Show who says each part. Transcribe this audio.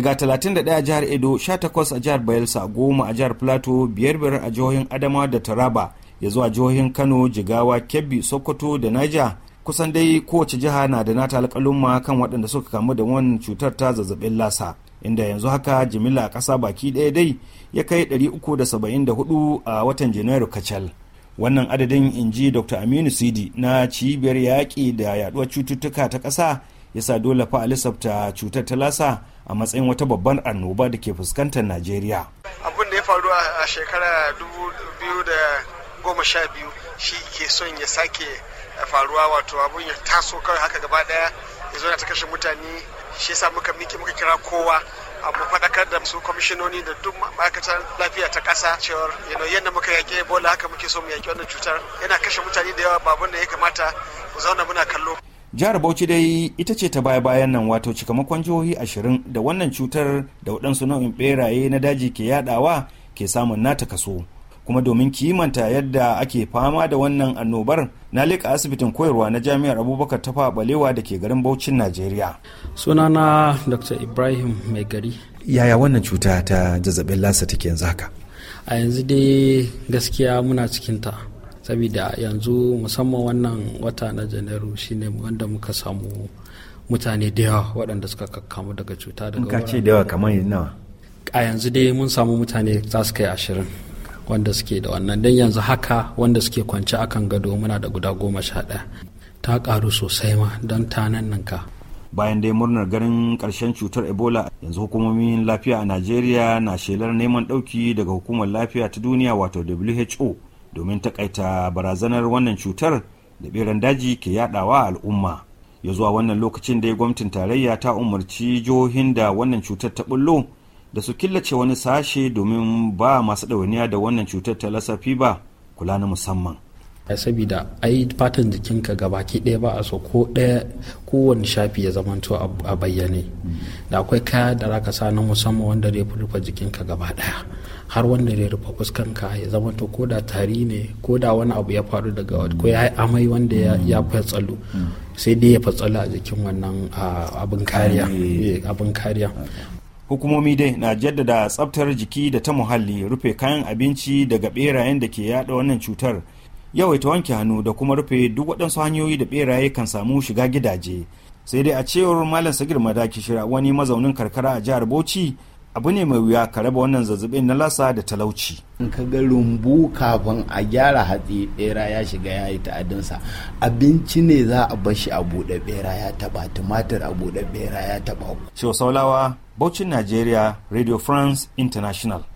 Speaker 1: daga 31 a jihar edo 18 a jihar bayelsa 10 a jihar plateau biyar biyar a jihohin adamawa da taraba ya zuwa jihohin kano jigawa kebbi sokoto da niger kusan dai kowace jiha na da nata alƙalumma kan waɗanda suka kamu da wannan cutar ta zazzabin lasa inda yanzu haka jimila a ƙasa baki ɗaya dai ya kai 374 a watan janairu kacal wannan adadin inji dr aminu sidi na cibiyar yaƙi da yaɗuwar cututtuka ta ƙasa yasa dole fa a lissafta cutar ta lasa a matsayin wata babban annoba da ke fuskantar najeriya
Speaker 2: abin da ya faru a shekara goma sha biyu shi ke son ya sake faruwa wato abin ya taso kawai haka gaba daya ya zo na ta kashe mutane shi yasa muka miki muka kira kowa abu faɗakar da su kwamishinoni da duk ma'aikatar lafiya ta ƙasa cewar yadda muka yaƙi ebola haka muke so mu yaƙi wannan cutar yana kashe mutane da yawa babun da ya kamata mu zauna muna
Speaker 1: kallo jihar bauchi dai ita ce ta baya bayan nan wato cikamakon jihohi ashirin da wannan cutar da waɗansu nau'in beraye na daji ke yadawa ke samun nata kaso kuma domin kimanta yadda ake fama da wannan annobar na leƙa asibitin koyarwa na jami'ar abubakar tafa balewa da ke garin baucin najeriya sunana dr ibrahim mai gari yaya wannan cuta ta zazzabin lasa take yanzu haka a yanzu dai
Speaker 3: gaskiya muna cikinta saboda yanzu musamman wannan wata na janairu shine wanda muka samu mutane da yawa waɗanda suka kakkamu daga cuta daga ka ce da yawa
Speaker 1: kamar nawa
Speaker 3: a yanzu dai mun samu mutane za su kai ashirin wanda suke da wannan don yanzu haka wanda suke kwance kan gado muna da guda goma sha ɗaya ta ƙaru sosai ma
Speaker 1: don ta nan ka bayan dai murnar ganin ƙarshen cutar ebola yanzu hukumomin lafiya a najeriya na shelar neman ɗauki daga hukumar lafiya ta duniya wato who domin takaita barazanar wannan cutar da beran daji ke yadawa al'umma ya zuwa wannan lokacin da gwamnatin tarayya ta umarci jihohin da wannan cutar ta bullo da su killace wani sashe domin ba masu ɗawainiya da wannan cutar ta lasafi ba kula na musamman saboda ai fatan jikinka gabaki ɗaya ba
Speaker 3: a so ko ɗaya kowane shafi ya zamanto a bayyane da akwai kaya da zaka sa na musamman wanda zai rufe jikinka gaba ɗaya har wanda zai rufe fuskanka ya to ko da tari ne ko da wani abu ya faru daga ko ya amai wanda ya tsalu sai dai ya tsalu
Speaker 1: a jikin wannan abin kariya eh, abin kariya hukumomi dai na jaddada tsabtar jiki da ta muhalli rufe kayan abinci daga berayen da ke yada wannan cutar yawaita wanke hannu da kuma rufe duk waɗansu hanyoyi da ɓeraye kan samu shiga gidaje sai dai a cewar malam sagir madaki shira wani mazaunin karkara a jihar bauchi abu ne mai wuya ka raba wannan zazzabin na lasa da talauci in ka ga rumbu kafin a gyara hatsi bera ya shiga ya yi ta'adinsa abinci ne za a bashi a buɗe bera ya taba tumatir a buɗe bera ya taba. Shehu Saulawa, Bauchin Najeriya, Radio France International.